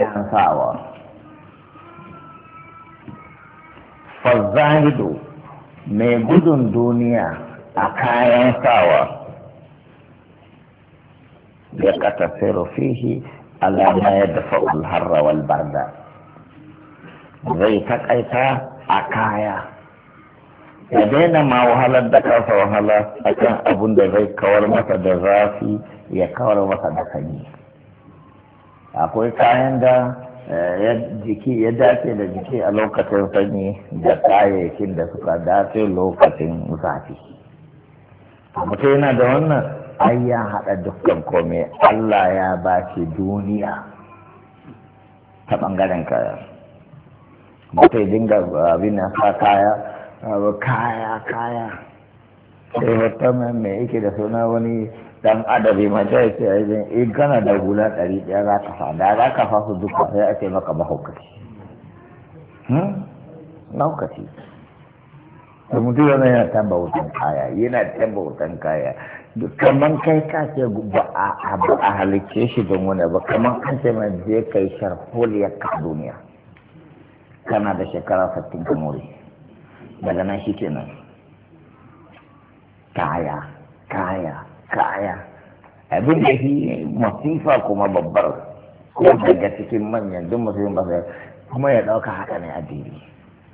ان انفعور فالزاهد ميبود دنيا اقايا انفعور يقتصر فيه على ما يدفع الهر والبرد زيتك ايتا اقايا لدينا ما وهلا دكا فوهلا اكا ابون دا زي كور مسا دا زافي يا كور مسا دا كنيس akwai kayan da eh, jiki ya dace da jiki a lokacin sanyi da kayayyakin da suka dace lokacin zafi mutum yana da wannan ai ya haɗa dukkan kome allah ya ba shi duniya ta ɓangaren kaya mutum dinga abin na sa kaya kaya kaya sai hoton mai yake da suna wani dan adabi ma ta yake aibin in kana da hula ɗari ɗaya za ka fa da za ka fa su duka sai ake maka mahaukaci hmm? mahaukaci da mutum yana yana tamba wutan kaya yana tamba wutan kaya Kamar kai ka ce ba a ba a halicce shi don wani ba kamar an ce mai je kai sharholiyar ka duniya kana da shekara sattin ka more daga nan shi kenan kaya kaya kaya abin da shi ne masifa kuma babbar ko daga cikin manyan duk musulun ba kuma ya ɗauka haka ne addini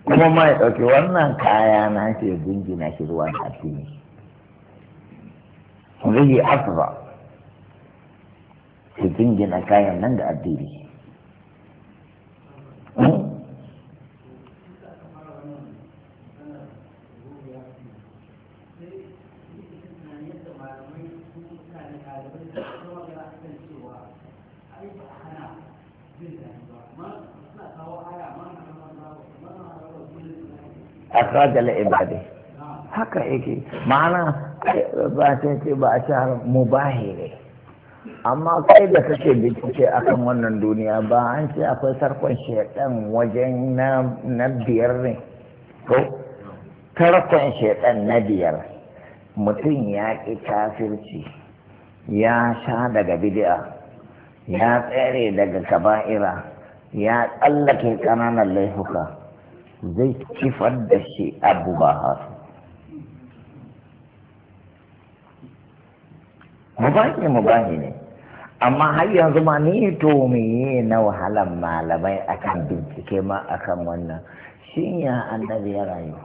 kuma ma ya ɗauki wannan kaya na ke jingina shi zuwa da addini zai yi asuba su jingina kayan nan da addini akrajal ibadi haka yake ma'ana ba ta ce ba a shahar mubahi ne amma kai da kake bincike akan wannan duniya ba an ce akwai sarkon shaidan wajen na biyar ne ko tarkon shaidan na biyar mutum ya ƙi kafirci ya sha daga bid'a ya tsere daga kaba'ira ya tsallake ƙananan laifuka zai kifar da shi abu ba hasu mubahi mubahi ne amma har yanzu ma ni to meye na wahalan malamai akan bincike ma akan wannan shin ya annabi ya rayu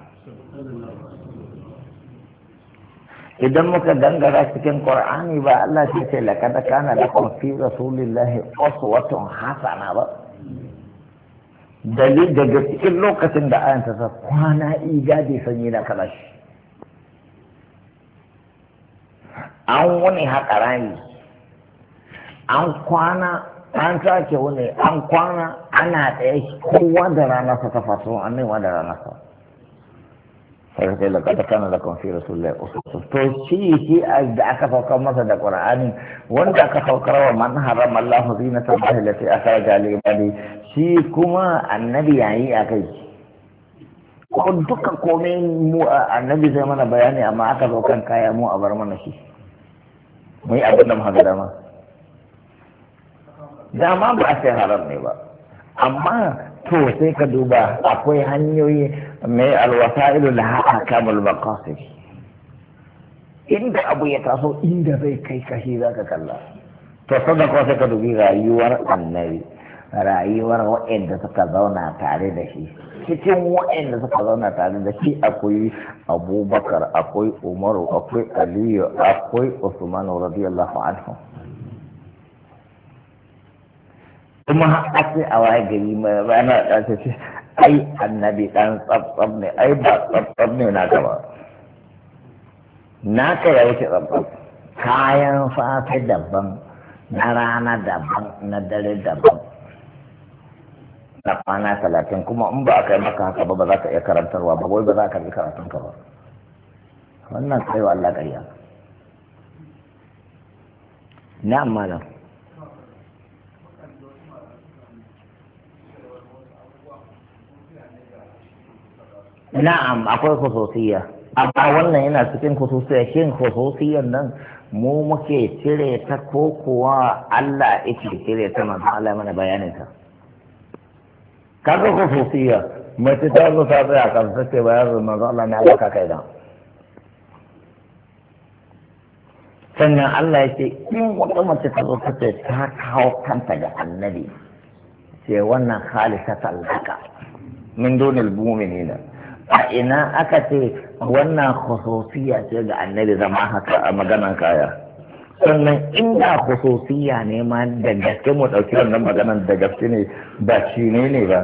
idan muka gangara cikin qur'ani ba Allah sai ce laqad kana lakum fi rasulillahi uswatun hasana ba dalil daga cikin lokacin da ayan ta sa kwana igadi sanyi na kada shi an wani haƙa rami an kwana an sake wani an kwana ana ɗaya kowa da sa ta faso annaiwa da sa. sai sai laqad kana lakum fi rasulillahi uswatun to shi shi da aka saukar masa da qur'ani wanda aka saukar wa man harama Allah zinata Allah lati akhraja lil ibadi shi kuma annabi yayi akai ko dukkan komai mu annabi zai mana bayani amma aka zo kan kaya mu a bar mana shi mu yi abin da mu haɗu dama dama ba a sai haram ne ba amma to sai ka duba akwai hanyoyi mai alwasa'ilu da haka kamul maqasid inda abu ya taso inda zai kai kashi za ka kalla to sadaka sai ka dubi rayuwar annabi rayuwar waɗanda suka zauna tare da shi cikin waɗanda suka zauna tare da shi akwai abubakar akwai umaru akwai aliyu akwai usman radiyallahu anhu kuma har ce a waye gari mai rana da ta ce ai annabi dan tsabtsab ne ai ba tsabtsab ne na gaba na ka ya wuce tsabtsab kayan safe daban na rana daban na dare daban na kwana talatin kuma in ba a kai maka haka ba ba za ka iya karantarwa ba wai ba za ka yi karatun ka ba wannan kaiwa Allah ƙarya na malam na'am akwai khususiyya amma wannan yana cikin khususiyya shin khususiyyan nan mu muke cire ta ko kuwa Allah yake cire ta manzo Allah mana bayanin ta kaga khususiyya mace ta zo ta tsaya kan sace bayanin manzo Allah na ya kai da sannan Allah yake in wata mace ta zo ta ta kawo kanta ga annabi sai wannan khalisatan laka min dunil mu'minina a ina aka ce wannan khususiya ce ga annabi zama haka a maganan kaya sannan inda khususiya ne ma da gaske mu dauki wannan maganan da gaske ne ba shi ne ne ba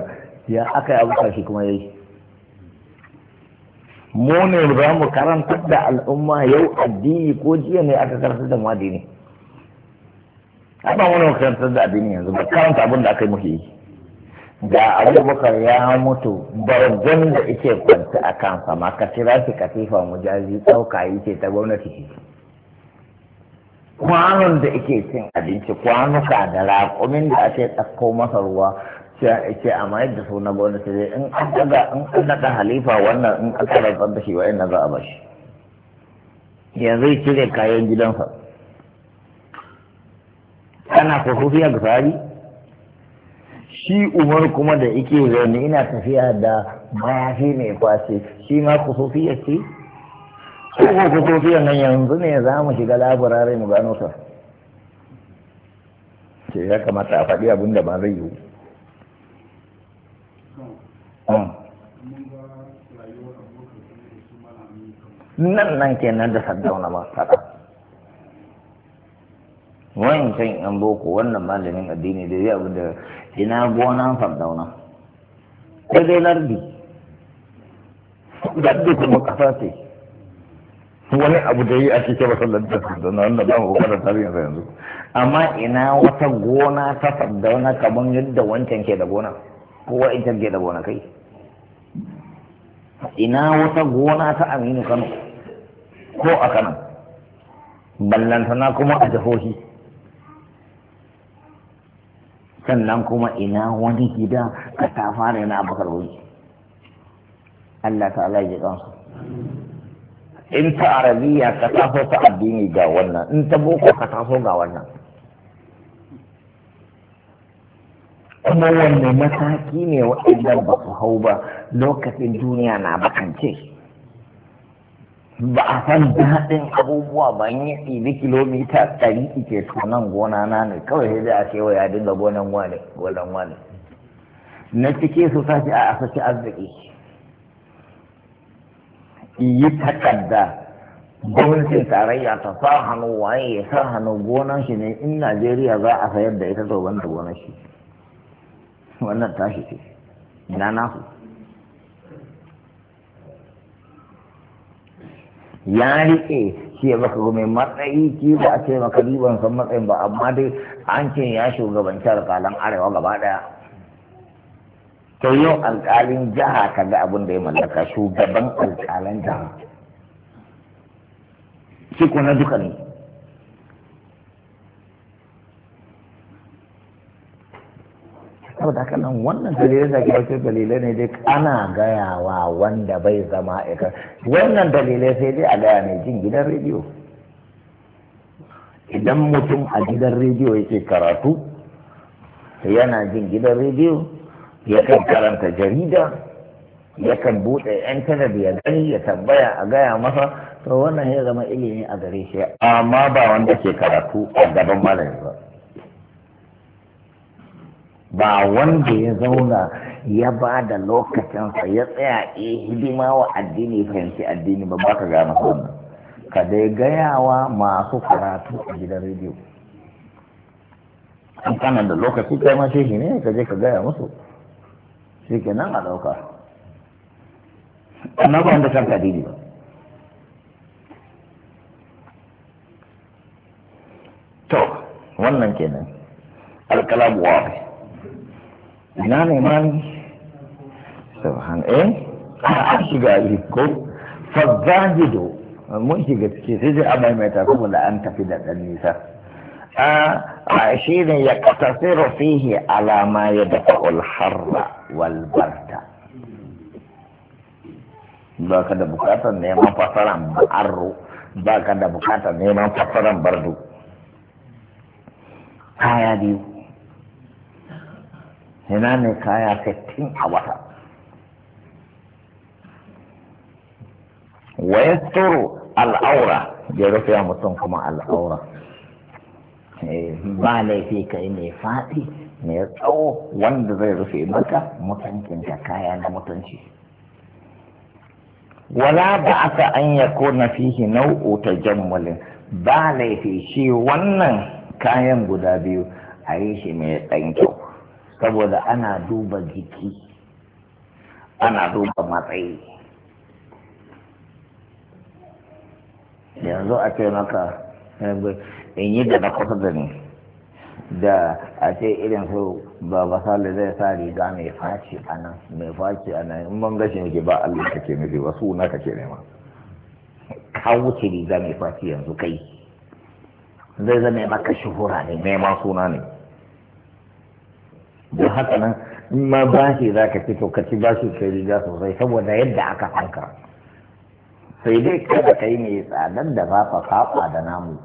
ya aka yi abuka shi kuma yayi mu ne za mu karanta da al'umma yau addini ko jiya ne aka karanta da mu addini ba mu ne karantar da addini yanzu ba karanta abin da aka yi muke yi da abubakar ya mutu bargon da ike kwanci a kansa ma ka kira shi mu mujazi tsauka yi ce ta gwamnati ce kwanon da ike cin abinci kwanuka da raƙumin da ake tsakko masa ruwa ce a mayar da su na gwamnati dai in an daga in an daga halifa wannan in an rantsar da shi wa ina za a bashi yanzu cire kayan gidansa ana kusurfiya ga shi umar kuma da ike zaune ina tafiya da mayafi mai kwasi, shi ma kusufiya ce ko kusufiyan nan yanzu ne za mu shiga laburare mu gano ta ce ya kamata a faɗi abin da ba zai yi hmm. nan nan kenan da saddauna masu faɗa wancan yan boko wannan malamin addini da zai abu da ina gona fardauna ko dai lardi lardi kuma kasa ce wani abu da yi a sallar da fardauna wannan ba mu bukatar tarihin sa yanzu amma ina wata gona ta fardauna kamar yadda wancan ke da gona Ko kowa ita ke da gona kai ina wata gona ta aminu kano ko a kanan ballantana kuma a jihohi sannan kuma ina wani gida ka ta fara na abakar wuri Allah ta Allah ya in ta arabiya ka taso ta addini ga wannan in ta boko ka taso ga wannan kuma wanne mataki ne waɗannan ba su hau ba lokacin duniya na bakance ba a san daɗin abubuwa ba in yi ne kilomita ɗari ke sunan gona na ne kawai sai a ce ya dinga gonan wane gonan wane na cike su sashi a asasi arziki yi takarda gwamnatin tarayya ta sa hannu waye ya sa hannu gonan shi ne in najeriya za a sayar da ita to banda gonan shi wannan tashi ce ina nasu ya riƙe shi ya baka gome matsayi ki ba a ce maka riban san matsayin ba amma dai an ce ya shugabanci alƙalan arewa gaba ɗaya to yau alƙalin jiha ka ga abin da ya mallaka shugaban alƙalan jiha shi kuna duka ne saboda haka nan wannan dalilai da ke dalilai ne dai ana gayawa wanda bai zama ikar wannan dalilai sai dai a gaya ne jin gidan rediyo idan mutum a gidan rediyo yake karatu yana jin gidan rediyo ya kan karanta jarida ya kan buɗe intanet ya gani ya tambaya a gaya masa to wannan ya zama ilimi a gare shi amma ba wanda ke karatu a gaban malami ba ba wanda ya zauna ya ba da lokacinsa ya tsaya a hidima wa addini fahimci addini ba ba ka gane wannan ka dai gayawa masu karatu a gidan rediyo an kana da lokaci kai ma shi ne ka je ka gaya musu shi ke nan a ɗauka amma ba wanda karka dini ba to wannan kenan alkalabu wa ina ne ma ne subhan eh an shiga yi ko fazajido mun shiga ciki sai dai amai mai tafi mu da an tafi da dan nisa a shi ne ya katasiru fihi alama ya dafa ulharra wal barta. ba ka da bukatar neman fasaran arro ba ka da bukatar neman fasaran bardo kaya biyu ina ne kaya sittin a wata wa tsoro al'aura ya rufe mutum kuma al'aura eh, ba laifi ka yi mai faɗi mai tsawo wanda zai rufe maka mutuncinka kaya na mutunci wala ba aka an ya kona fihi nau'u ta jammalin ba laifi shi wannan kayan guda biyu a yi shi mai ɗan kyau saboda ana duba jiki ana duba matsayi yanzu a ce maka in yi da na kusa da ni da a ce irin su baba sale zai sa riga mai faci a nan mai faci a nan in ban gashi nake ba allah kake nufi ba suna kake nema ka wuce riga mai faci yanzu kai zai zama maka shuhura ne neman suna ne don haka nan in ma bashi za ka ci to ka ci bashi kai riga sosai saboda yadda aka fanka sai dai kada ka yi mai tsadan da ba fa kafa da namu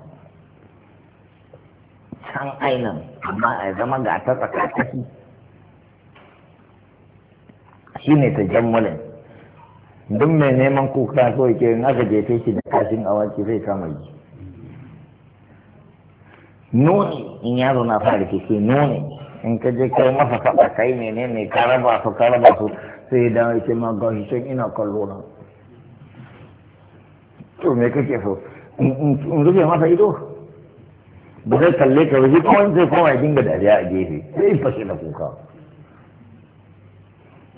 can ainihin amma a zama ga ta tsakataki shi ne ta jammulin duk mai neman kuka so ke in aka jefe shi da kashin awaki zai kama yi nuni in yaro na fara rikici nuni in ka je kai masa faɗa kai ne ne ne ka raba su ka raba su sai da yake ma ga shi ina kallo na to me kake so in rufe masa ido ba zai kalle ka waje kawai zai koma ya dinga dariya a gefe sai fashe da kuka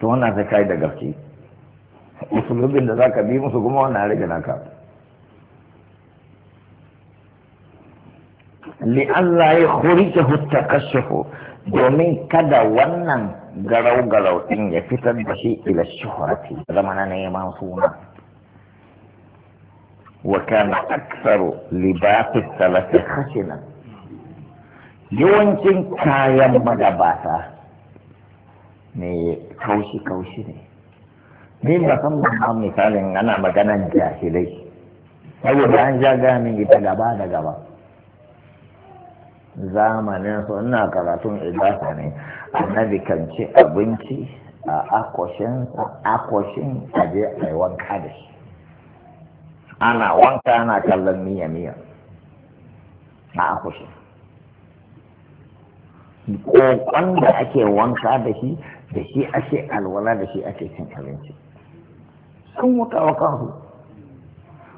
to wannan sai kai da gaske usulubin da zaka bi musu kuma wannan rage naka لئلا يخرجه التكشف domin kada wannan garau-garau ɗin ya fitar da shi ila shuhrati zama na neman suna wa kana aksaru libasi salafi yawancin kayan magabata ne kaushi-kaushi ne ni ba san ba misalin ana maganan jahilai saboda an ja min ita gaba da gaba zamanin su ina karatun ibasa ne annabi kan ci abinci a akwashin akwashin a a yi wanka da shi ana wanka ana kallon miya miya a akwashin kokon da ake wanka da shi da shi ake alwala da shi ake cin abinci sun wuta wa kansu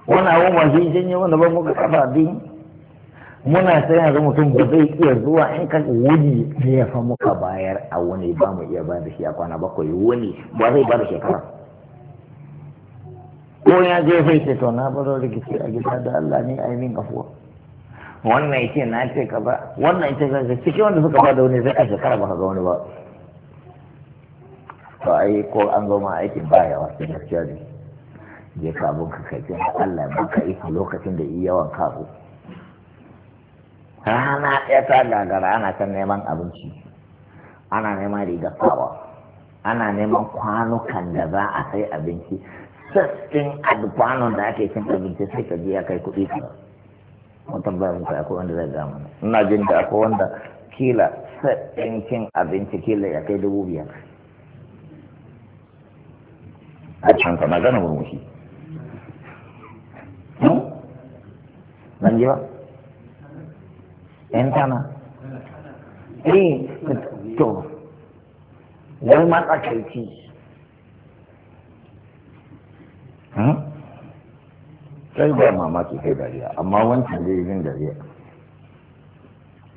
wani abu ba shi janye wanda ba muka kafa din muna sai yanzu mutum ba zai iya zuwa in ka wuni ne ya fa muka bayar a wani ba mu iya bayar da shi a kwana bakwai wuni ba zai bada shekara ko ya je sai ce to na baro rikici a gida da Allah ne a yi min afuwa wannan yake na ce ka ba wannan yake ka cikin wanda suka ba da wani sai a shekara ba ka ga wani ba to ai ko an zo ma ba ya wasu gaskiya ne je ka abun ka kai Allah ba ka iko lokacin da iya yawan kafo rana ɗaya ta gagara ana can neman abinci ana neman riga kawa ana neman kwanukan da za a sai abinci sassin kwanon da ake cin abinci sai ka biya kai kuɗi ka mun tambaya muku akwai wanda zai gama ina jin da akwai wanda kila sassin cin abinci kila ya kai dubu biyar a can ka magana murmushi hmm? ban ji ba 'yan tana eh to wai matsakaici hmm? sai ba mamaki kai dariya amma wancan zai yin dariya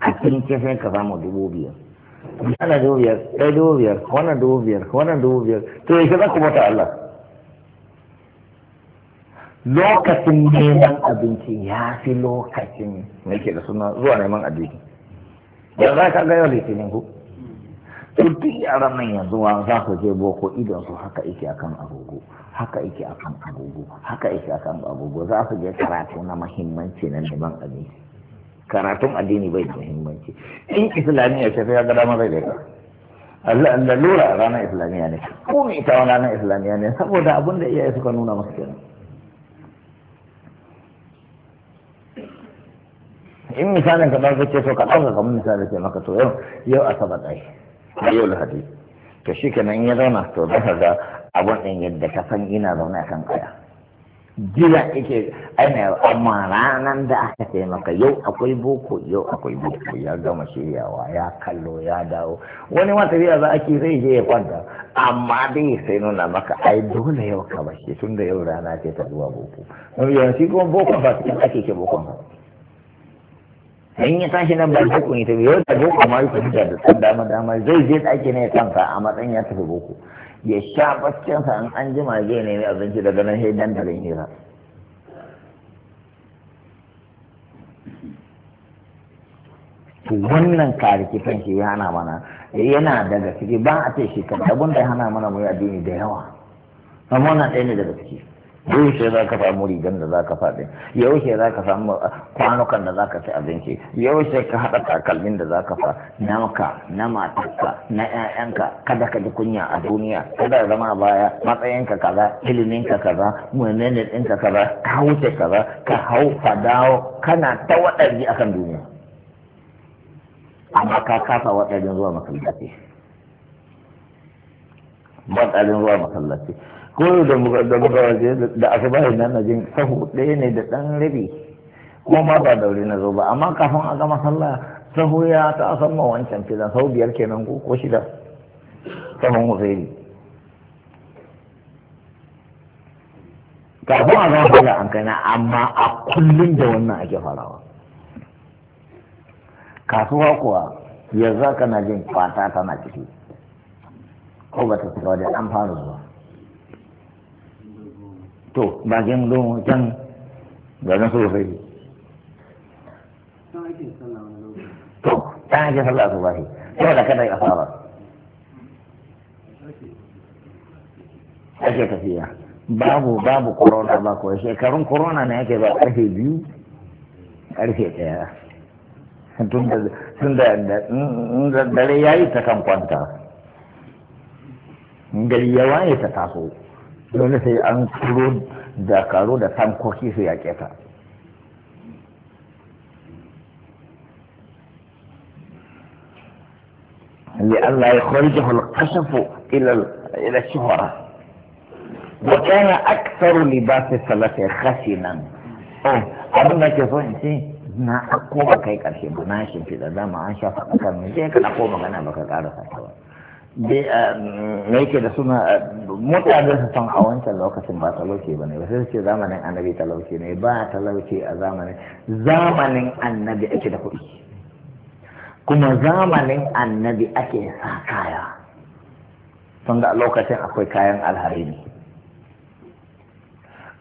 a cikin kefin ka samu dubu biyar wannan dubu biyar ɗaya dubu biyar wannan dubu biyar wannan dubu biyar to yake za ku bata Allah lokacin neman abinci ya fi lokacin Na ke da suna zuwa neman abinci yanzu za ka gaya litinin ku tuttun yaran nan yanzu wa za ku je boko idan su haka yake akan agogo haka yake akan agogo haka yake akan agogo za su je karatu na mahimmanci na neman abinci karatun addini bai da muhimmanci in islamiyya ce sai ya ga dama zai daika Allah Allah lura ranar islamiyya ne ko ita wani ranar islamiyya ne saboda abin da iyaye suka nuna masu kenan in misalin ka ba ka ce so ka ɗauka kamar misali ce maka to yau yau saba ɗai yau lahadi to shi kenan ya zauna to za ka ga abun ɗin yadda ka san ina zaune a kan kaya jira yake aina amma ranar da aka ce maka yau akwai boko yau akwai boko ya gama shiryawa ya kallo ya dawo wani wata riya za ake zai je ya kwanta amma dai sai nuna maka ai dole yau ka bashi tunda yau rana ce ta zuwa boko wani yawanci kuma boko ba cikin ake ke boko ba in ya tashi nan ba boko ne tafi yau da boko ma yi fita da san dama dama zai je ɗaki ne kanka a matsayin ya tafi boko ya sha baccinsa in an jima zai nemi abinci daga nan sai dandalin hira to wannan karikitan shi ya hana mana yana daga ciki ba a ce shi kan abin da ya hana mana mu yi addini da yawa amma wannan ɗaya ne daga ciki yaushe za ka samu rigan da za ka faɗi yaushe za ka samu ah, kwanukan da za ka ci abinci yaushe ka haɗa takalmin da za ka fa na ka na matarka na ƴaƴanka kada ka ji kunya a duniya kada zama baya matsayinka kaza iliminka kaza menene ɗinka kaza ka wuce kaza ka hau ka kana ta waɗari kan duniya amma ka kasa waɗarin zuwa masallaci zuwa masallaci ko da muka da da nan na jin sahu ɗaya ne da ɗan rabi ko ma ba daure na zo ba amma kafin a gama sallah sahu ya ta asamma wancan filan sahu biyar kenan ko ko shida saman usairi kafin a gama sallah an kana amma a kullum da wannan ake farawa kasuwa kuwa yanzu kana jin fata tana ciki ko ba ta tsira da an fara zuwa to bakin don can so sai to ta ake sallah su ba shi da kada ya fara ake tafiya babu babu corona ba kuwa shekarun corona ne ake ba karfe biyu karfe daya tun da dare ya yi ta kan kwanta gari ya waye ta taso dole sai an turo dakaru da tankoki su yaƙe ta لئلا يخرجه القشف إلى إلى الشهرة وكان أكثر لباس الصلاة خشنا أو أبنا كفوين سي na koma kai karshe ba na shi fi da dama an shafa akan mai sai ka na koma kana baka ƙara fatawa Eh, me yake da suna eh, mutane su san a wancan lokacin ba talauci ba ne ba sai ce zamanin annabi talauci ne ba talauci a zamanin zamanin annabi ake da kuɗi kuma zamanin annabi ake sa kaya tun da lokacin akwai kayan alhari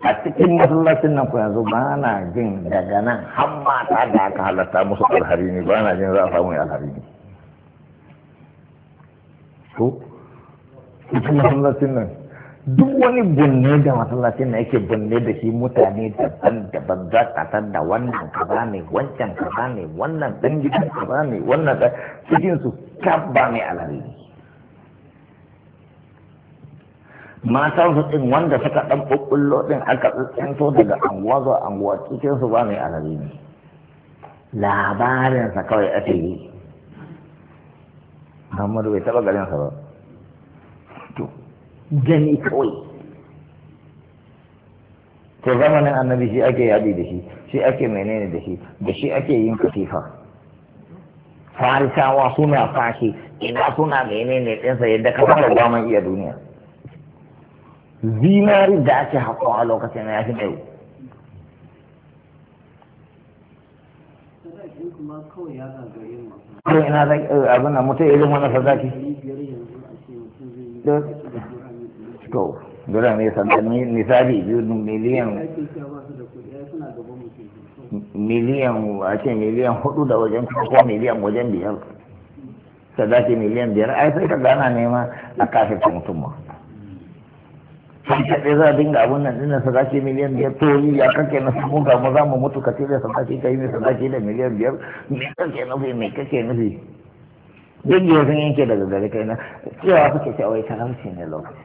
a cikin masallacin nan ku yanzu ba na jin daga nan har mata da aka halatta musu alhari ne ba na jin za a samu alhari ne to cikin masallacin nan duk wani bunne da masallacin nan yake bunne da shi mutane daban-daban za ka san da wannan kaza ne wancan kaza ne wannan dan gidan kaza ne wannan da cikin su kabba mai alheri matan su din wanda suka dan kokullo din aka tsinto daga anguwa zuwa anguwa cikin su ba ne alheri ne labarin sa kawai ake yi Muhammadu bai taɓa garinsa ba to gani kawai to zamanin annabi shi ake yadi da shi shi ake menene da shi da shi ake yin katifa farisawa suna fashi ina suna menene ɗinsa yadda ka fara daman iya duniya zinari da ake haƙo a lokacin ya fi ɗaya kuma kawai ya gagare mu ko ina zai eh, abin da mutum irin wani sadaki to dole ne sadaki misali miliyan miliyan a ce miliyan hudu da wajen ko miliyan wajen biyar sadaki miliyan biyar ai sai ka gana nema a kafin mutum ma sai ka za a dinga abun nan ɗin sadaki miliyan biyar to yi ya kake na samu ga mu za mu mutu ka cire sadaki ka yi mai sadaki da miliyan biyar me kake nufi me kake nufi dangi ya san yanke daga gare kai na cewa suke cewa wai talauci ne lokaci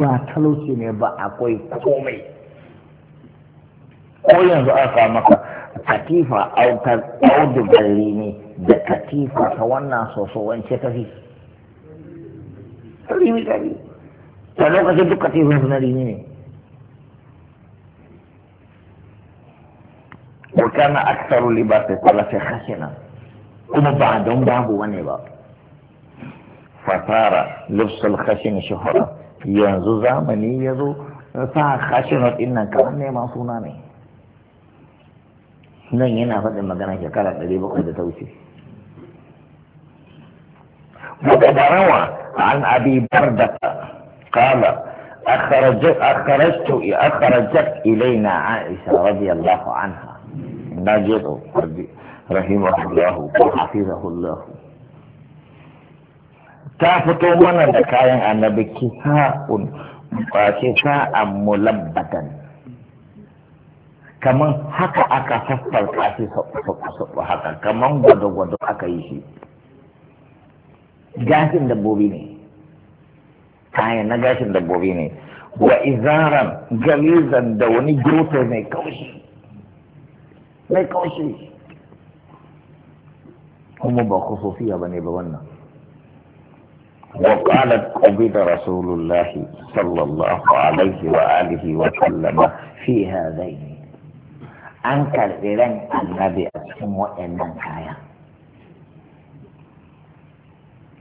ba talauci ne ba akwai komai ko yanzu aka maka katifa audu audugari ne da katifa ta wannan soso wance kafi. Rimi a lokacin duk katifin sunari ne wa kana aktaru libasi salafi hashina kuma ba don babu wani ba fasara lubsul khashin shuhura yanzu zamani ya zo sa khashin din nan kamar neman suna ne nan yana faɗin magana shekara ɗari bakwai da ta wuce وقد روى عن أبي بردة قال أخرجت أخرجت أخرجت إلينا عائشة رضي الله عنها نجد رحمه الله وحفظه الله تافتو من الدكاين أن بكفاء كفاء ملبدا kaman haka aka sassarka shi haka kaman gwado-gwado aka yi shi gashin dabbobi ne kayan na gashin dabbobi ne wa izaran galizan da wani joto mai kaushi mai kaushi kuma ba kusufiya ba ne ba wannan وقالت قبض رسول الله صلى الله عليه وآله وسلم في هذين أنكر إلى النبي أسهم وإن كايا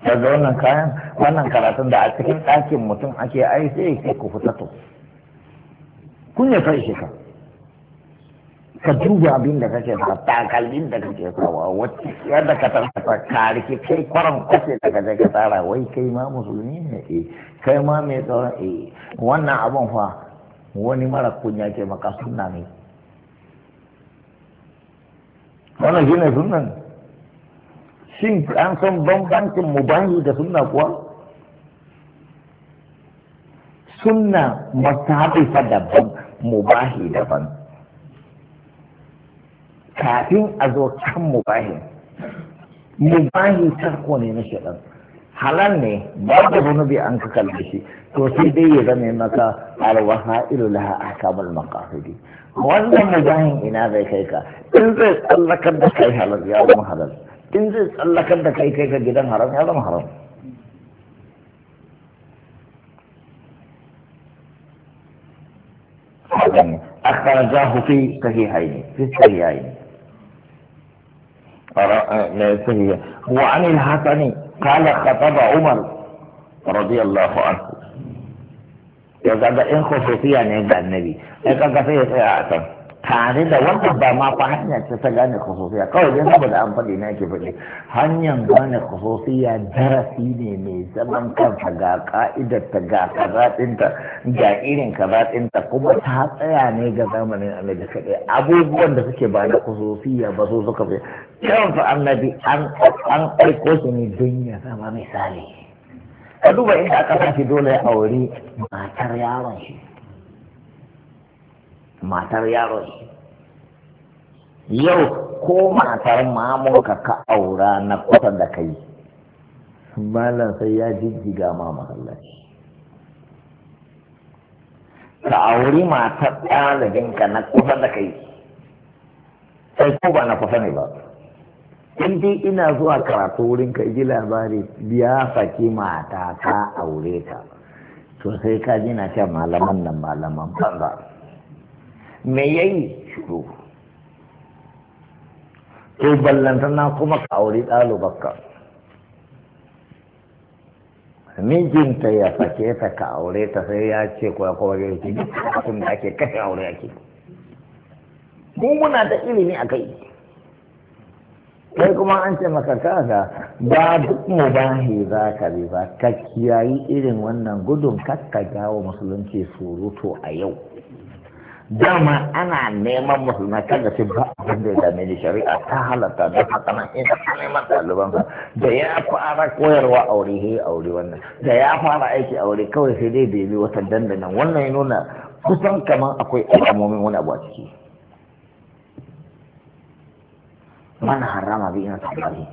daga wannan kayan wannan karatun da a cikin ɗakin mutum ake ai sai ya ku fita to kun ya kai shi ka ka duba abin da kake sa takalmin da kake wa wacce yadda ka tarkata ka ke kai kwaran kwace da je ka tsara wai kai ma musulmi ne eh kai ma mai tsoron eh wannan abin fa wani mara kunya ke maka sunna ne wannan shine sunnan shin an san bambancin mubahi da sunna kuwa sunna mustahabifa daban mubahi daban kafin a zo kan mubahi mubahi tarko ne na shaɗan halal ne ba da bai an ka kalli shi to sai dai ya zame maka alwaha a kamar maqasidi wannan mubahin ina zai kai ka in zai tsallakar da kai halal ya zama halal in tsallakar da kai kai ka gidan haram ya zama haram في صحيحين في الصحيحين آه، وعن الحسن قال خطب عمر رضي الله عنه يا زاد إن خصوصية عند النبي إذا كان في ساعة tare da wannan ba ma fa hanya ce ta gane kusurfiya kawai dai saboda an faɗi na ke faɗi hanyar gane kusurfiya darasi ne mai zaman kansa ga ka'idar ta ga kazaɗinta ga irin kazaɗinta kuma ta tsaya ne ga zamanin annabi kaɗai abubuwan da suke ba na kusurfiya ba su suka fi kansa annabi an aiko shi ne don ya zama misali ka duba inda aka sa dole ya auri matar yawon shi matar yaro yau ko matar mamunka ka aura na kusa da kai malam sai ya jijjiga ma masallaci ka auri matar ɗalibinka na kusa da kai sai ko ba na kusa ne ba in dai ina zuwa karatu wurin ka ji labari ya saki mata ka aure ta to sai ka ji na ce malaman nan malaman banza me yayi shiru to ballantana kuma ka auri ɗalibakka mijinta ya sake ta ka aure ta sai ya ce ko ya kawai ki abin da ake kashe aure ake mu muna da ilimi a kai kai kuma an ce maka kaga ba duk mu ba za ka bi ba ka kiyayi irin wannan gudun kakka jawo musulunci surutu a yau dama ana neman musulmai da su ba abin da dame da shari'a ta halatta da haka nan ina ta neman ɗaliban da ya fara koyarwa aure he aure wannan da ya fara aiki aure kawai sai dai bai bi wata dandanan wannan ya nuna kusan kamar akwai alamomin wani abu a ciki mana harama bi ina bari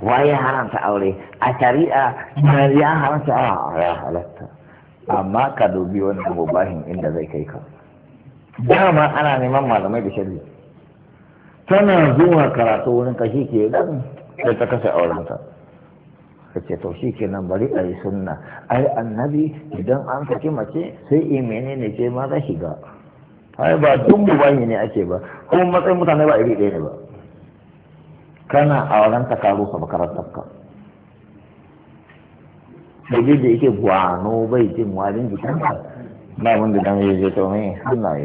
waye haramta aure a shari'a ya haramta a halatta amma ka dubi wani mubahin inda zai kai ka dama ana neman malamai da shari'a tana zuwa karatu wurin ka ke dan da ta kasa aurenta ka ce to shi ke nan bari a yi sunna ai annabi idan an saki mace sai mene eh, menene ce ma za shiga ai ba duk mubani ne ake ba kuma matsayin mutane ba iri ɗaya ne ba kana aurenta ka rusa makarantar ka da yake gwano bai jin warin jikinka না মন্দির আমি যে তুমি নাই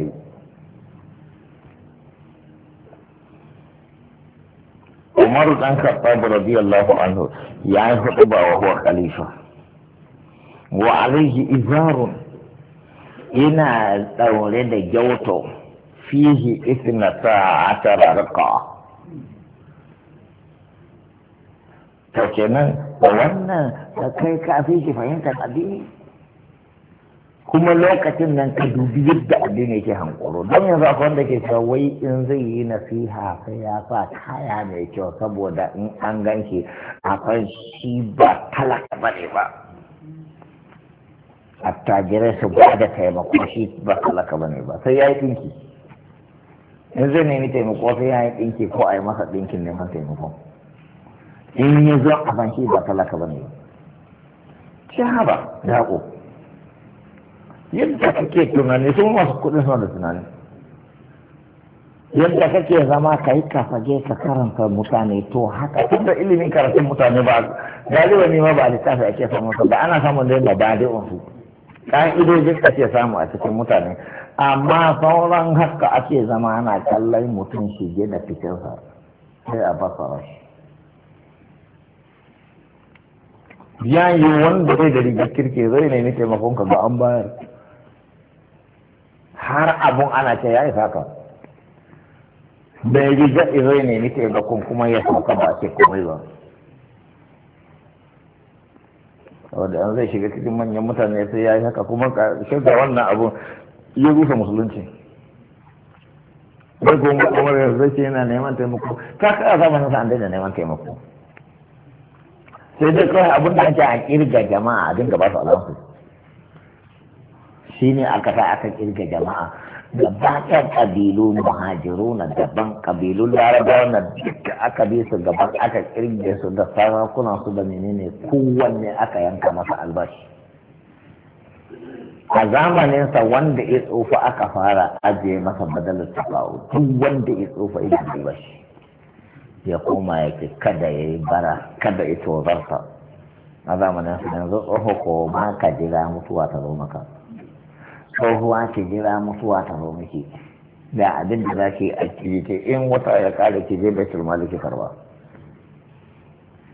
عمر بن الخطاب رضي الله عنه يا خطبة وهو خليفة وعليه إزار إن تولد جوت فيه اثنتا عشر رقعة فكنا وانا تكيك فيه فانت قديم kuma lokacin nan ka dubi yadda addini yake hankoro don yanzu akwai wanda ke cewa wai in zai yi nasiha sai ya sa kaya mai kyau saboda in an gan shi akwai shi ba talaka ba ne ba attajirai su ba da taimako shi ba talaka ba ne ba sai ya yi ɗinki in zai nemi taimako sai ya yi ɗinki ko a yi masa ɗinkin neman taimako in yi zo a ban shi ba talaka ba ne ba shi haba yadda kake tunani sun masu kudin suna da tunani yadda kake zama ka yi kafage ka karanta mutane to haka tun da ilimin karatun mutane ba galiba ne ma ba a littafi ake samun sa ba ana samun dai labarin su ka'idojin ake samu a cikin mutane amma sauran haka ake zama ana kallon mutum shige da fitinsa sai a basara rashi. ya yi wanda zai da rigar kirki zai ne taimakon ka ba an bayar har abun ana ce ya isa haka bai riga izo ne nike ga kun kuma ya sauka ba ce komai ba wanda an zai shiga cikin manyan mutane sai ya yi haka kuma ƙarshen da wannan abu ya rufe musulunci bai kuma kuma yanzu zai ce yana neman taimako ta kara zama nasa an daina neman taimako sai dai kawai abin da ake a kirga jama'a a dinga ba su alamu shi ne aka sa aka kirga jama'a gaba ɗan ƙabilu muhajiru na daban ƙabilun larabawa na duka aka bi su gaban aka kirge su da sarakuna su da menene kowanne aka yanka masa albashi a zamanin sa wanda ya tsufa aka fara ajiye masa madalar tafawo duk wanda ya tsufa ina albashi ya koma ce kada ya yi bara kada ya tozarsa a sa yanzu tsoho ko ma ka jira mutuwa ta zo maka tsohuwa ki jira mutuwa ta zo miki da abin da za ki activity in wata ya kare ki zai bai turma ki karba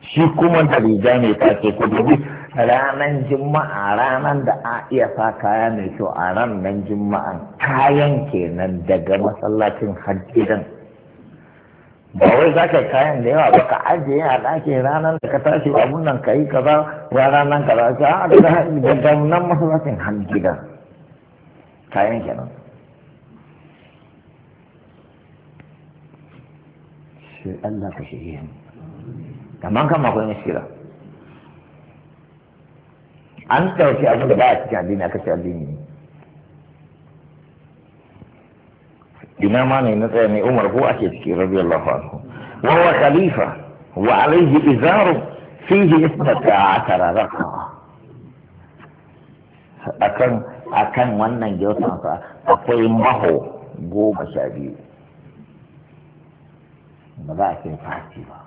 shi kuma da riga mai take ku dubi ranar juma'a ranar da a iya sa kaya mai kyau a ranar juma'a kayan kenan daga masallacin hajjidan ba wai za ka kayan da yawa ba ka ajiye a ɗakin ranar da ka tashi ba, nan ka yi kaza ranar nan za a daga nan masallacin hajjidan kayan kenan sai Allah ka shirye mu amma kan akwai mashira an ɗauki abin da ba a cikin addini aka ce addini ne ina ma ne na tsaye ne umar ko ake ciki radiyallahu anhu wa huwa khalifa wa alayhi izaru fihi isnata asara raka akan a kan wannan gyautansa akwai maho goma sha biyu ba za a ce fati ba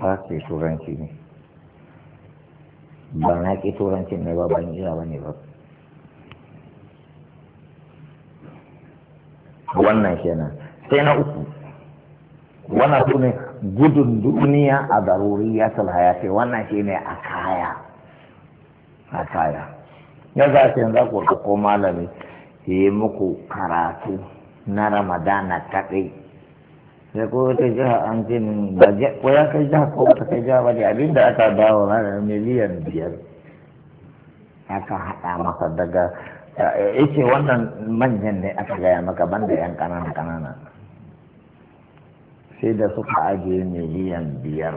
fati turanci ne ba na ƙi turanci ne ba ban iya ba ne ba wannan kenan sai na uku wannan su ne gudun duniya a ya hayati wannan shi ne a kaya a kaya ya za ce za ku ko malami ya yi muku karatu na ramadana kaɗai sai ko wata jiha an ce min ba ko ya kai jiha ko wata kai jiha ba ne abinda aka dawo na miliyan biyar aka haɗa masa daga eh, yace wannan manyan ne aka gaya maka banda yan ƙanana ƙanana sai da suka ajiye miliyan biyar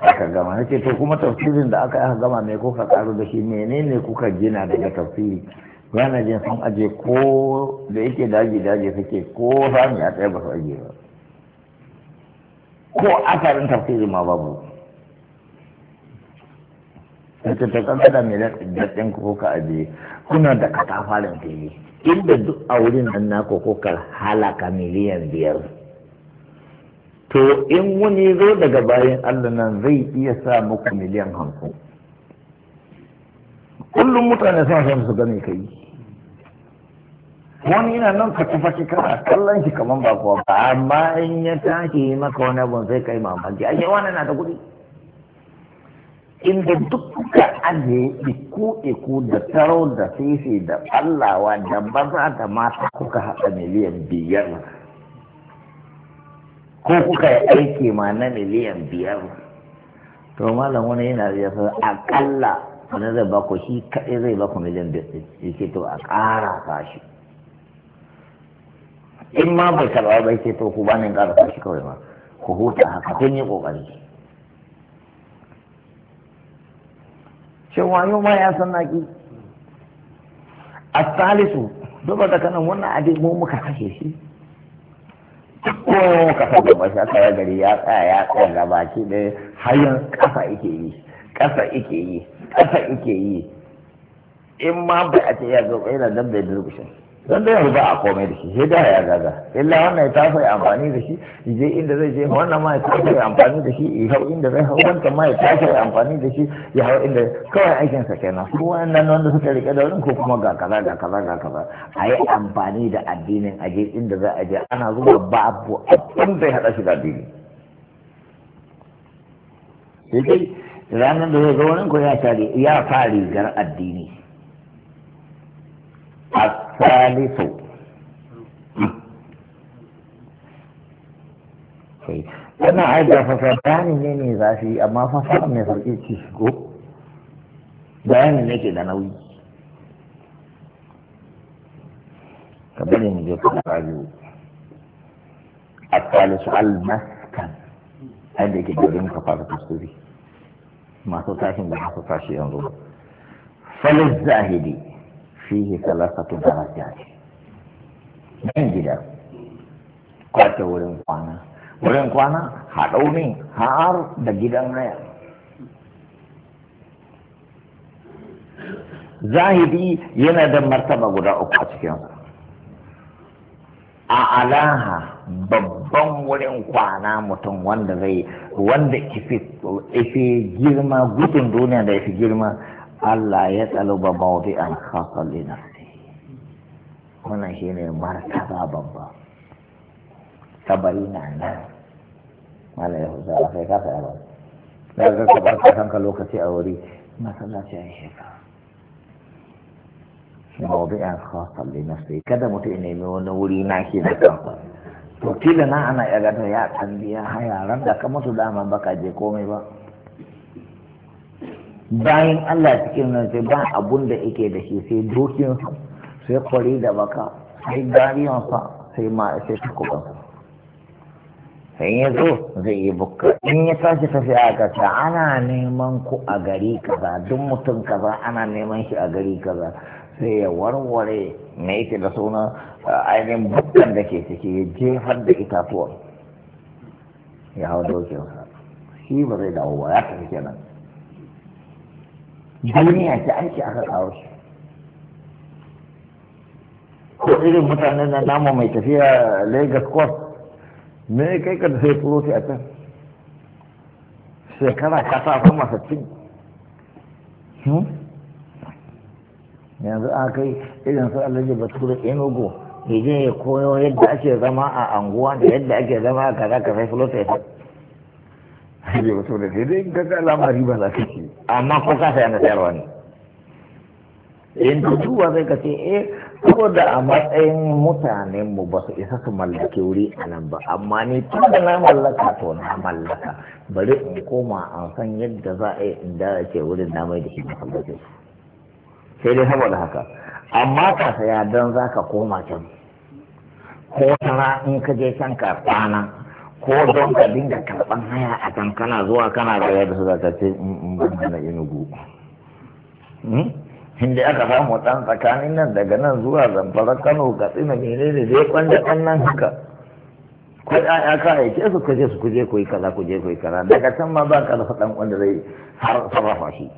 aka gama nake to kuma tafsirin da aka aka gama mai kuka karu da shi menene kuka gina daga tafsiri yana jin sun aje ko da yake daji daji suke ko sami a tsaye ba su aje ba ko asarin tafsiri ma babu ta ta kasa da mai daɗin ko ka aje kuna da katafalin fili inda duk a wurin nan na ko ka halaka miliyan biyar to in wani zo daga bayan Allah nan zai iya sa muku miliyan hanku. kullum mutane sa son su gane kai wani yana nan ka tafa shi kana kallon shi kaman ba kuwa ba amma in ya tashi maka wani abun sai kai mamaki ashe wani na da kuɗi inda duka aje iko iko da taro da sisi da allawa da maza da mata kuka haɗa miliyan biyar ko kuka yi aiki ma na miliyan biyar to malam wani yana da yasa akalla wani zai ba ku shi kaɗai zai ba ku miliyan biyar yake to a ƙara fashi in ma bai karɓa ba yake to ku bani ƙara fashi kawai ma ku huta haka kun yi ƙoƙari cewa yau ma ya san naki a salisu duba da kanan wannan abin mu muka kashe shi ko ka saka ba gari ya tsaya ya tsaya ga baki ɗaya har ƙasa ike yi ƙasa ike yi ƙasa ike yi in ma ba a ce ya zo na dan bai durkushin don da yanzu ba a komai da shi sai da ya gaga illa wannan ya tafi amfani da shi je inda zai je wannan ma ya tafi amfani da shi ya hau inda zai hau wancan ma ya tafi amfani da shi ya hau inda kawai aikin sa kenan su wannan wanda suka rike da wurin ko kuma ga kaza ga kaza ga kaza a yi amfani da addinin a je inda za a je ana zuwa babu abin zai haɗa shi da addini sai dai ranar da zai ga wurin ko ya fari gar addini الثالث yana aida fasa bayanin ne ne zafi amma fasa mai sauƙi ce shigo bayanin ne ke da nauyi ka bari mu je kuma rayu الثالث المسكن هذا يجي دورين كفارة السوري ما تطاشين ده ما ينظر فللزاهدي fihi salasatu darajati nan gida kwace wurin kwana wurin kwana haɗau ne har da gidan haya zahidi yana da martaba guda uku a cikinsa a alaha babban wurin kwana mutum wanda zai wanda ife girma gudun duniya da ife girma Allah ya tsaluba mawdi'an khasan li nafsi ne shine martaba babba Sabari na nan mala ya huza a kai kasa ya na ga ka ba ka kanka lokaci a wuri masallaci a shekara mawdi'an khasan li nafsi kada mutum ya nemi wani wuri na shi da kanka to kila na ana ya gata ya tsambiya hayaran da ka musu dama baka je komai ba bayan Allah cikin nan sai ba abun da yake da shi sai dokin sai kwari da baka sai gariyansa sai ma sai takubansa sai ya zo zai yi bukka in ya tashi tafiya ga ta ana neman ku a gari kaza duk mutum kaza ana neman shi a gari kaza sai ya warware me yake da suna ainihin bukkan da ke ciki ya jefar da itatuwa ya hau sa. shi ba zai dawo ba ya tafi kenan duniya ta aiki aka kawo shi ko irin mutanen na namu mai tafiya lagos court me kai ka da sai turo a can shekara ka sa sama cin, hmm? yanzu an kai irin su alhaji bature enugu ya je ya koyo yadda ake zama a anguwa da yadda ake zama a kaza ka sai fulo sai bai wato da sai dai ga alama riba za ka amma ko ka sayar da sayarwa ne in ka duba sai ka ce eh saboda a matsayin mutanen mu ba su isa su mallaki wuri a nan ba amma ni tun da na mallaka to na mallaka bari in koma an san yadda za a in da ce wurin na mai da sai dai saboda haka amma ka saya dan za ka koma can ko tara in ka je can ka kwana ko don ka dinga karɓan haya a kan kana zuwa kana gaya da su za ta ce in mm, mm, ban na inugu hmm? inda aka samu ɗan tsakanin nan daga nan zuwa zamfara kano katsina menene zai kwanda ɗan nan haka ko ya ka aike su kuje su kuje koyi kaza kuje koyi kaza daga can ma ba ka da faɗan wanda zai sarrafa shi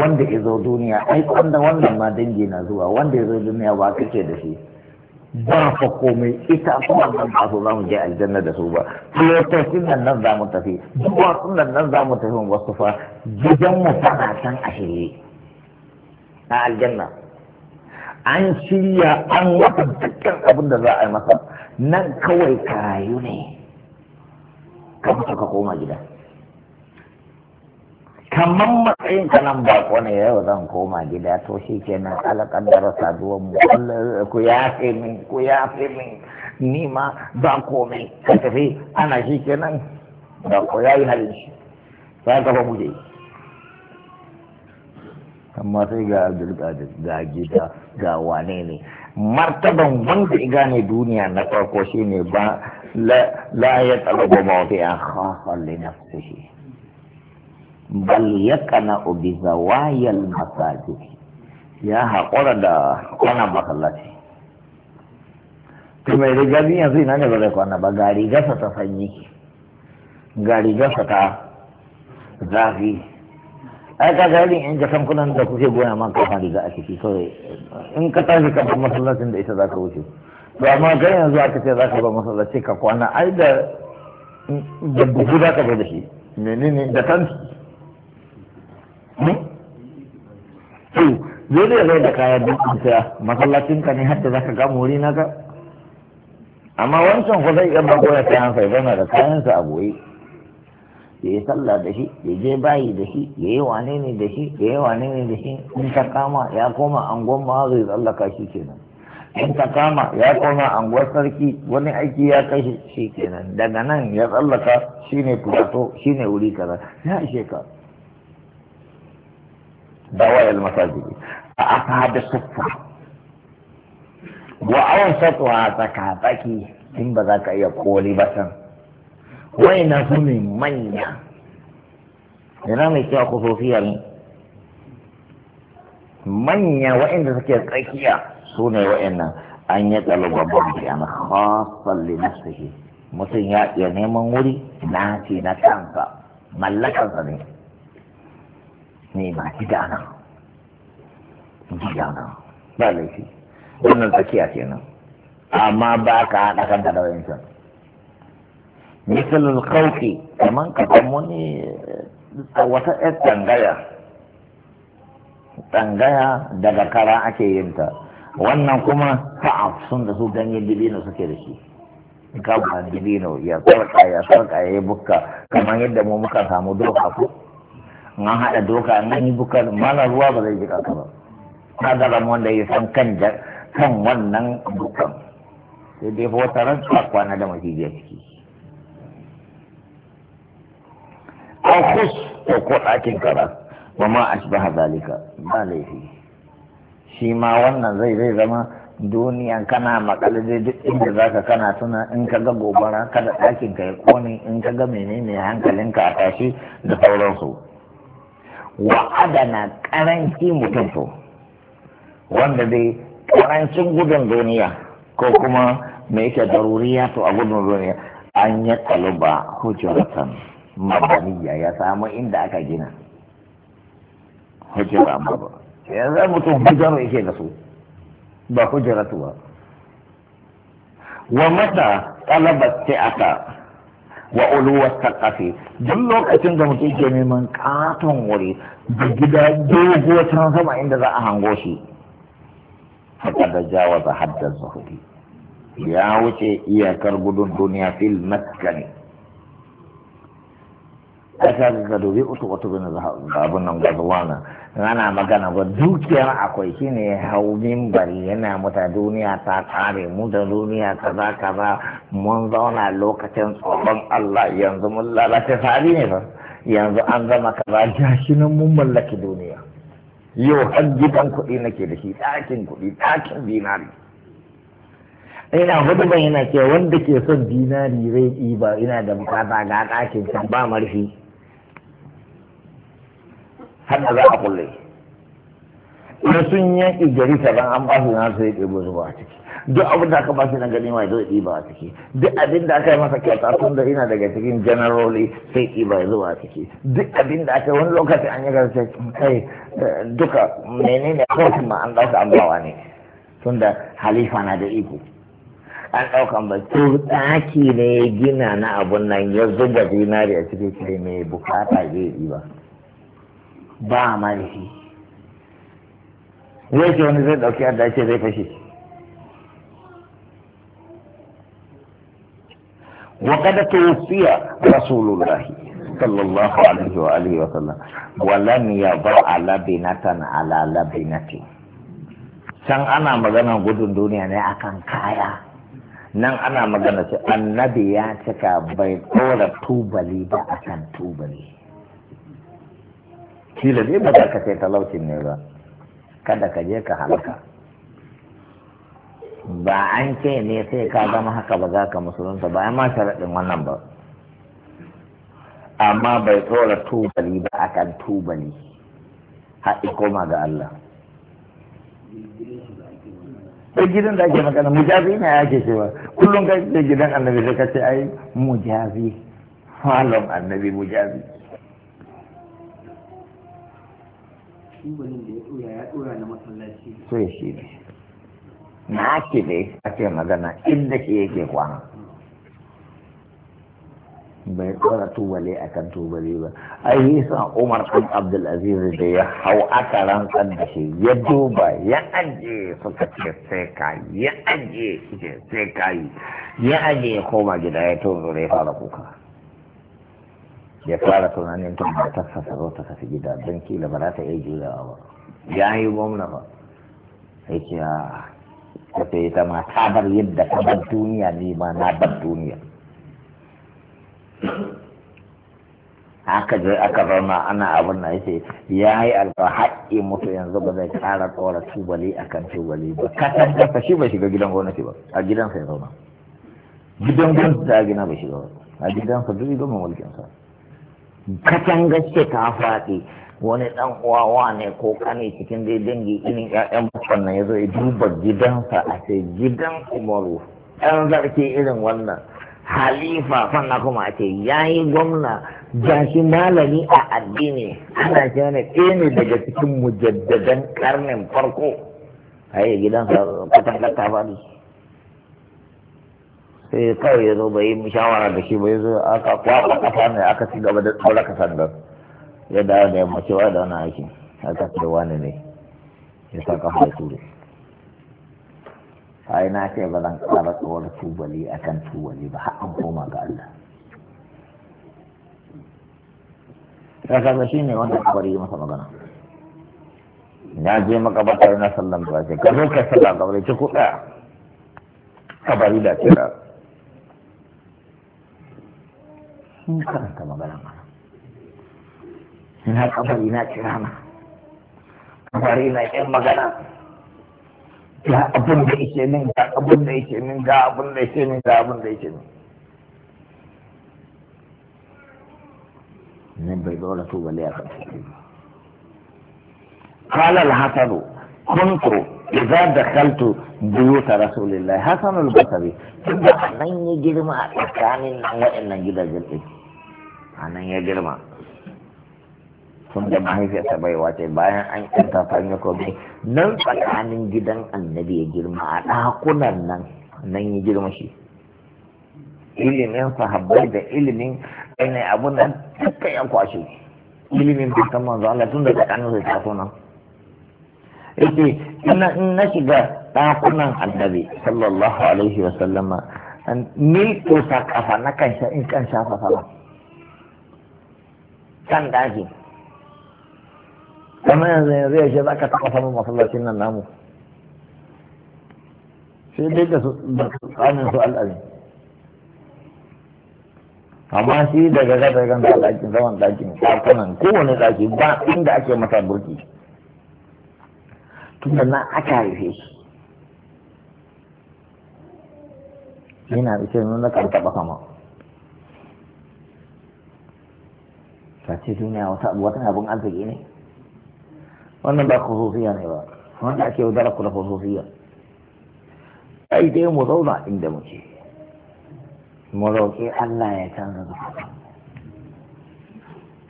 wanda ya zo duniya ai kwanda wannan ma dangi na zuwa wanda ya zo duniya ba kake da shi ba fa komai ita kuma ban ba su za mu je aljanna da su ba filotocin nan nan za mu tafi duwatsun nan nan za mu tafi wasu fa gidan mu fara can a shirye a aljanna an shirya an wata dukkan abin da za a yi masa nan kawai kayu ne ka mutu ka koma gida kamar matsayin ka nan ba ko ne yau zan koma gida to shi kenan alakan darasa duwan mu ku ya fi min ku ya fi min ni ma ba komai ka tafi ana shi kenan da ko ya yi halin shi ba ka fa muje amma sai ga abdulkadir ga gida ga wane ne martaban wanda ya gane duniya na farko shine ba la ya talaba mawdi'an khasan li nafsihi bal yakana bi zawayal masajid ya haƙura da kwana masallaci to mai riga biyan yanzu ina ne ba zai kwana ba ga rigarsa ta sanyi ga rigarsa ta zafi ai ka gari in ka san kunan da kuke goya ma kafa riga a ciki kawai in ka tashi ka bar masallacin da ita za ka wuce to amma kai yanzu aka ce za ka bar masallaci ka kwana ai da da buhu za ka bar da shi menene da tanti Hmm? to zai da zai da kayan dukkan ta masallacin ka ne hadda zaka ga wuri na ka amma wancan ko zai iya bago ya kayan sai bana da kayansa a boye ya yi sallah da shi ya je bayi da shi ya yi wane ne da shi ya yi wane ne da shi in ta kama ya koma angon ma zai tsallaka shi kenan in ta kama ya koma anguwar sarki wani aiki ya kai shi kenan daga nan ya tsallaka shine fulato shine wuri kaza ya ishe دواء المساجد أصحاب الصفة وأوسطها زكاتك إن بذاك يقول بس وين هم من ina mai cewa sofiya ne manya waɗanda suke tsakiya su ne waɗannan an yi ɗalibar babu an khasan li nafsihi mutum ya iya neman wuri na ce na kansa mallakansa ne ne ma gidana gidana ba laifi wannan tsakiya nan amma ba ka haɗa kan da wayancan misalin kauki kamar ka samu ne eh, wata yar tangaya tangaya daga kara ake yin ta wannan kuma ta'a sun da su ganye dibino suke da shi kamar dibino ya sarka ya sarka ya bukka kamar yadda mu muka samu doka ko an haɗa doka an yi bukar mana ruwa ba zai jika ka ba ka da wanda ya san kan kan wannan dukan sai dai wata ran kwana da biya ciki an kus ko ko ɗakin kara ba ma a shi ba laifi shi ma wannan zai zai zama duniya kana makale dai duk inda zaka kana tuna in ka ga gobara kada ɗakin ka ya kone in ka ga menene hankalinka a tashi da sauransu wa adana karanci mutum to wanda dai karancin gudun duniya ko kuma mai yake daruriya to a gudun duniya an ya taluba hujuratan mabaniya ya samu inda aka gina hujura Ya yanzu mutum hujjar yake da su ba hujjaratu ba wa mata talabat sai aka wa uluwar kakafe duk lokacin da mutum ke neman katon wuri da gida dogo can sama inda za a hango shi haka da jawaza haddar zuhuri ya wuce iyakar gudun duniya fil maskani aka ka ga dobe uku wato bin abun nan zuwana ana magana ba dukiyar akwai shine hau bari yana mata duniya ta kare mu da duniya kaza kaza mun zauna lokacin tsoron Allah yanzu mun lalace fari ne ba yanzu an zama kaza gashi nan mun mallaki duniya yau har gidan kuɗi nake da shi ɗakin kuɗi ɗakin dinari ina hudu ban yana ke wanda ke son dinari zai ɗiba ina da bukata ga ɗakin ba marfi har da za a kulle in sun yanki gari kaza an ba su nasu ya ɗebo su ba a ciki duk abin da aka ba shi na gani mai zai ɗiba a ciki duk abin da aka yi masa kyauta tun da ina daga cikin generally sai ɗiba ya zuba a ciki duk abin da aka wani lokaci an yi gasa kai duka menene kawai ma an ɗauka an bawa ne tun da halifa na da iko an ɗauka ba to ɗaki ne gina na abun nan ya zuba zinari a cikin mai bukata zai ɗiba. ba ba a ma da shi zai ce wani zai ɗauki a dace zai kashe wa kada tawfiya rasulullah sallallahu alaihi wa alihi wa sallam wa lam ba ala binatan ala labinati san ana magana gudun duniya ne akan kaya nan ana magana ce annabi ya cika bai ɗora tubali ba akan tubali kila dai ba za ka sai talaucin ne ba kada ka je ka halaka ba an ce ne sai ka zama haka ba za ka musulunta ba ya ma sharaɗin wannan ba amma bai tsora tubali ba akan tubali haɗi koma ga Allah ɗan gidan da ake magana mujazi ne ake cewa kullum ga gidan annabi sai ka ce ai mujazi falon annabi mujazi tubalin ya na shi ne na ake magana inda shi yake kwana bai tsara tubali a kan tubali ba ai San umar ɗan abdulaziz da ya hau aka rantsar da shi ya duba ya ajiye suka ce sai ka ya ajiye sai ka yi ya ajiye koma gida ya ya fara kuka ya fara tunanin tun da ta zo ta tafi gida don kila ba za ta iya juyawa ba ya yi gwamna ba sai ce a ta ce ta ma ta bar yadda ta bar duniya ne ma na bar duniya aka je aka zauna ana abin na yace ya yi alfa haƙƙi mutu yanzu ba zai ƙara tsora tubali a kan tubali ba kasan kasa shi ba shiga gidan gwamnati ba a gidansa ya zauna gidan gwamnati ta gina ba shiga ba a gidansa duk gidan mulkinsa katanga gaske ta faɗi wani ɗan uwa ne ko kane cikin dai dangi irin ƴaƴan bakon nan yazo ya duba gidansa a ce gidan umaru ɗan zarki irin wannan halifa sannan kuma a ce yayi gwamna shi malami a addini ana ce wani ɗaya daga cikin mujaddadan karnin farko a gidansa katangar ta faɗi sai kawai ya zo bai yi shawara da shi bai zo aka kwakwa kafa ne aka ci gaba da tsaura ka sandar ya dawo da yamma cewa da wani aiki aka ce wani ne ya sa kafa ya ture sai na ce ba zan kara tsawar tubali akan tubali ba har an koma ga Allah da shi ne wanda kawar yi masa magana na je makabatar na sallan ba ce ka zo ka sallah kabar ce kuɗa kabari da kira sun karanta maganan Allah ina kabari na kirana kabari na yan magana ga abin da yake min ga abin da yake min ga abin da yake min ga abin da yake min nan bai dole to bale a قال الحسن كنت إذا دخلت بيوت رسول الله حسن البصري تبقى من يجرم أتكاني وإن جدا جدا a nan ya girma sun da mahaifiyarsa bai wace bayan an kyanta fanya kobe nan tsakanin gidan annabi ya girma a ɗakunan nan nan ya girma shi ilimin sahabbai da ilimin ainihin abun nan duka ya kwashe ilimin bisan manzo Allah tun da tsakanin zai taso nan yake ina in na shiga ɗakunan annabi sallallahu alaihi wa sallama ni ko sa kafa na kan in kan shafa salama kan daji kuma yanzu yanzu ya ce za ka taɓa samun masallacin nan namu sai dai da su tsamin su al'adu amma shi daga gada gan da ɗakin zaman ɗakin kafinan kowane ɗaki ba inda ake masa burki tun da na aka haife shi yana da ce nuna kan taɓa kama. sace duniya wata wata abun arziki ne wannan ba khususiya ne ba wanda ake yaudara dara kula khususiya ai dai mu zauna inda muke mu roƙi Allah ya canza zuciya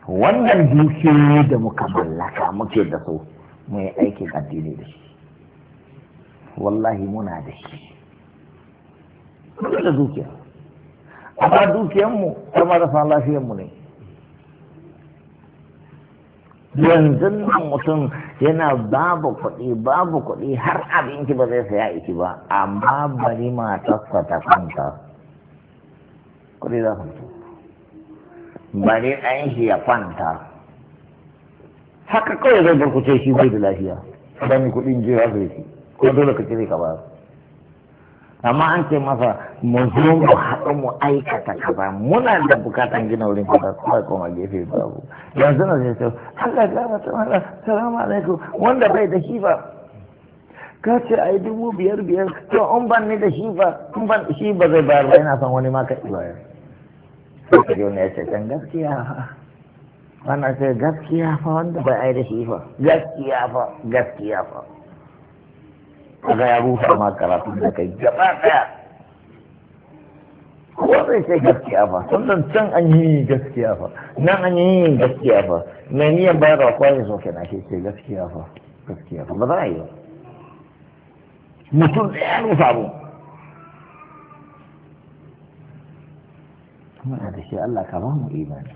wannan dukiyoyi da muka mallaka muke da su mu yi aikin addini da shi wallahi muna da shi da dukiya amma dukiyanmu ta marasa lafiyanmu ne yanzu nan mutum yana babu kuɗi babu kuɗi har abinci ba zai saya iki ba amma bari matarsa ta kwanta kuɗi za su bari ɗan shi ya kwanta haka kawai zai barkuce shi bai da lafiya ba ni kuɗin je zai ko dole ka cire ka ba amma an ce masa mu zo mu haɗu mu aikata kaza muna da bukatan gina wurin kaza kuma kuma gefe babu yanzu na zai sai Allah ya ta mara salamu alaikum wanda bai da shi ba ka ce a yi dubu biyar biyar to an ban ni da shi ba an ban shi ba zai bayar ba ina son wani ma ka bayar sai ka ne ya ce can gaskiya wannan ce gaskiya fa wanda bai ai da shi ba gaskiya fa gaskiya fa ga ya rufe ma karatu da kai gaba daya ko zai ce gaskiya ba sannan can an yi gaskiya fa nan an yi gaskiya fa na niyan bayar da yi so na ke ce gaskiya fa gaskiya fa ba za a yi ba mutum da ya rufa mu Kuma da shi Allah ka ba mu imani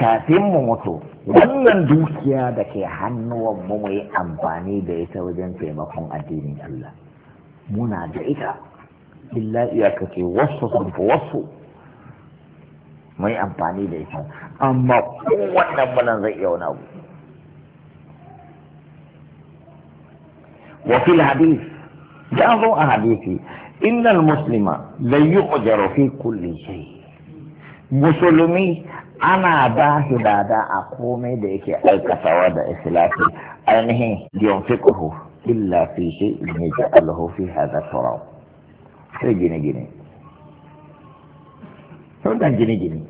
kafin mu mutu wannan dukiya da ke hannuwan mu mu yi amfani da ita wajen taimakon addinin Allah muna da ita illa iyaka ce wasu sun fi wasu mai amfani da ita amma wannan munan zai iya wani abu وفي الحديث جاء ضوء حديثي إن المسلم لا يؤجر في كل شيء musulmi ana ba shi dada a komai da yake aikatawa da islafi ainihin yunfiqhu illa fi shay'in yaj'aluhu fi a turab sai gine gine saudan gine gine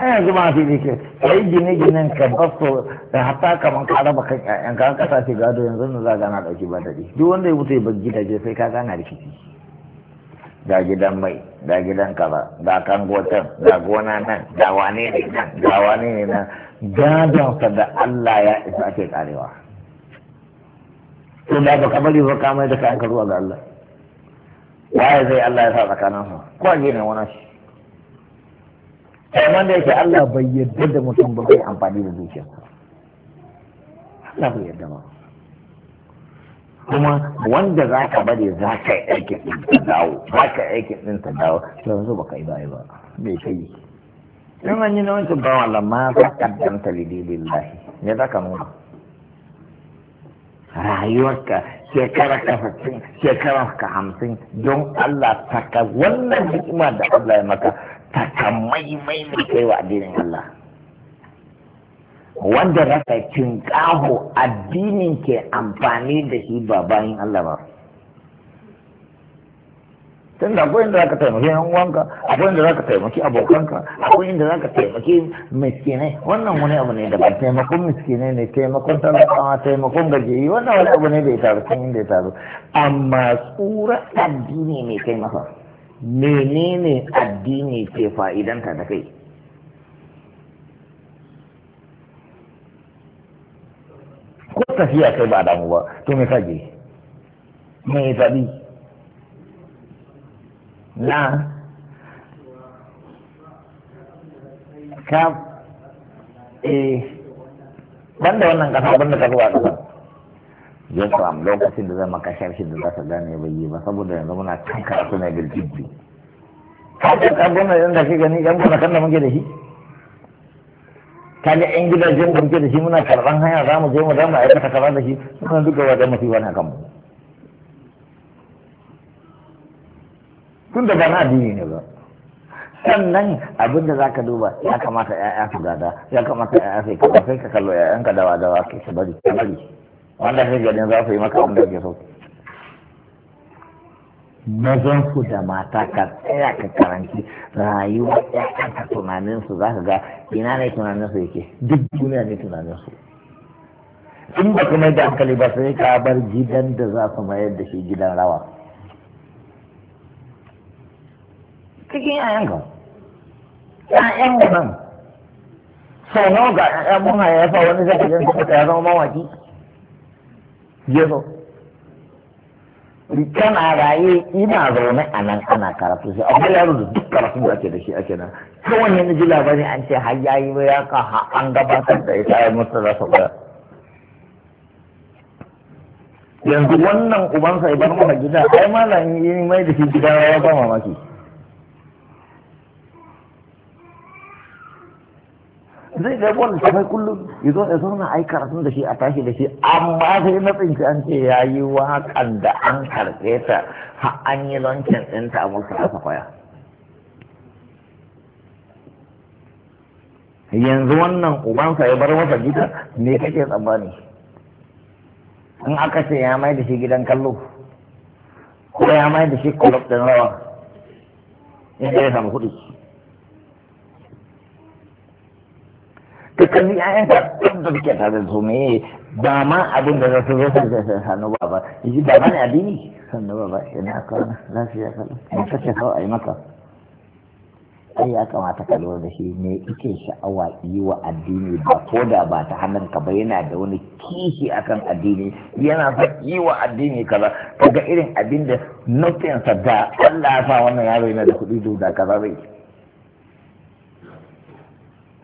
a yanzu ma fi ce kai gine ginen ka basu da hatta kaman ka raba kan ƴaƴan ka kasa shi gado yanzu na zaga na dauki ba daɗi. duk wanda ya mutu ba gidaje sai ka gana rikici ga gidan mai da gidan kaza da kan gotan da gona nan da wane ne nan da wane ne nan gadonsa da Allah ya isa ake karewa to da ka bari ba ka mai da kanka ruwa ga Allah waye zai Allah ya sa tsakanin su ko ne ne wani shi amma da yake Allah bai yarda da mutum ba bai amfani da zuciya Allah bai yarda ba kuma wanda za ka bari za ka yi aikin ɗin ta dawo za ka yi aikin ɗin ta dawo to yanzu ba ka yi bayi ba bai kai in an yi na wancan ba wala ma za ka danta lahi ne za ka nuna rayuwarka shekara ka fasin shekara ka hamsin don Allah ta ka wannan hikima da Allah ya maka ta ka maimai mai kai wa addinin Allah wanda rasa cinkaho addinin ke amfani da shi ba bayan Allah ba tun da akwai inda zaka taimaki yan uwanka akwai inda zaka taimaki abokanka akwai inda zaka taimaki miskinai wannan wani abu ne da ba taimakon miskinai ne taimakon talakawa taimakon gajiyi wannan wani abu ne da ya taru sun inda ya taru amma tsura addini ne kai masa menene addini ke fa'idanta da kai ko tafiya kai ba damu ba to me kaje me zabi na ka eh banda wannan kasa banda ka zuwa kasa ya samu lokacin da zai maka sharshi da za ka gane bai yi ba saboda yanzu muna kan karatu na bilkibbi ka ga gona da shi gani yan gona kan da muke da shi kaga yan gidajen da muke da shi muna karɓar haya za mu je mu zama aikata kaza da shi suna duka wajen mafi wani akan mu tun da ba na addini ne ba sannan abin da za ka duba ya kamata ya'ya su gada ya kamata ya'ya su kafa sai ka kallo ya'yanka dawa dawa ke su bari wanda sai ganin za su yi maka abin da ke so mazan su da mata ka tsaya ka karanci rayuwa kanta tunanin su zaka ga ina ne tunanin su yake duk duniya ne tunanin su in ba kuma da hankali ba sai ka bar gidan da za su mayar da shi gidan rawa cikin ayan ka ƴaƴan nan sau nawa ga ƴaƴan mun haifa wani zai ka gani ya zama mawaki Gizo. kana raye ina zaune a nan ana karatu sai abu yaro da duk karatu da ake da shi ake nan kawai ne na ji labari an ce har ya yi ya ka ha an gabatar da ita ya musu za su koya yanzu wannan ubansa sai bar mana gida ai malam yi mai da shi gida ya ba mamaki zai ga wannan sai kullum ya zo ya zauna ai karatun da shi a tashi da shi amma sai na tsinci an ce ya yi waƙan da an karɓe ta ha an yi lancin ɗinta a mulki ƙasa kwaya yanzu wannan ubansa ya bar masa gida me kake tsammani in aka ce ya mai da shi gidan kallo ko ya mai da shi kulob ɗin rawa in ya samu kuɗi ka kalli ƴaƴanka da suke tare da su me ba ma abin da za su zo sun sannu ba ba yi ba ma ne addini sannu ba ba ina kawana lafiya kala ka ce kawai a yi maka ai ya kamata ka lura da shi ne ike sha'awa yi wa addini ba ko da ba ta hannun ka ba yana da wani kishi akan addini yana son yi wa addini kaza kaga irin abin da nufinsa da Allah ya sa wannan yaro yana da kuɗi da kaza zai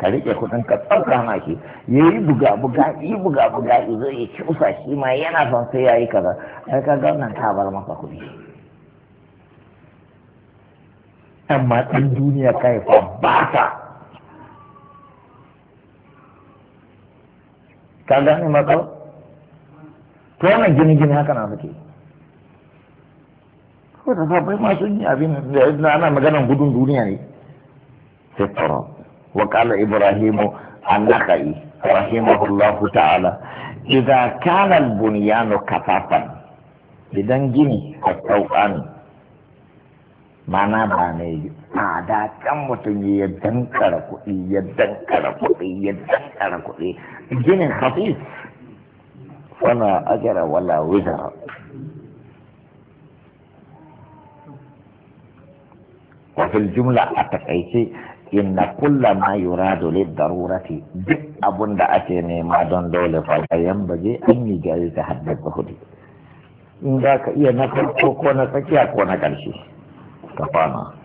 ka riƙe kudin ka tsarka ma shi ya yi buga buga yi buga buga yi zo ya usa shi ma yana son sai ya yi kaza ai ka ga nan ta bar masa kuɗi amma ɗan duniya kai fa ba ta ka gane matsal to wannan gini gini haka na suke ko da ta bai ma yi abin da ana maganar gudun duniya ne sai tsaro وقال ابراهيم النخعي رحمه الله تعالى اذا كان البنيان كفافا اذا جني او ان معنى باني ادا كم متي يدنكر كودي يدنكر كودي يدنكر كودي اجر ولا وزر وفي الجمله اتقيتي inna kulla ma yuradu lid darurati duk abun da ake nema don dole fa bayan baje an yi gari ta haddaka hudu in za ka iya na farko ko na tsakiya ko na ƙarshe ka fama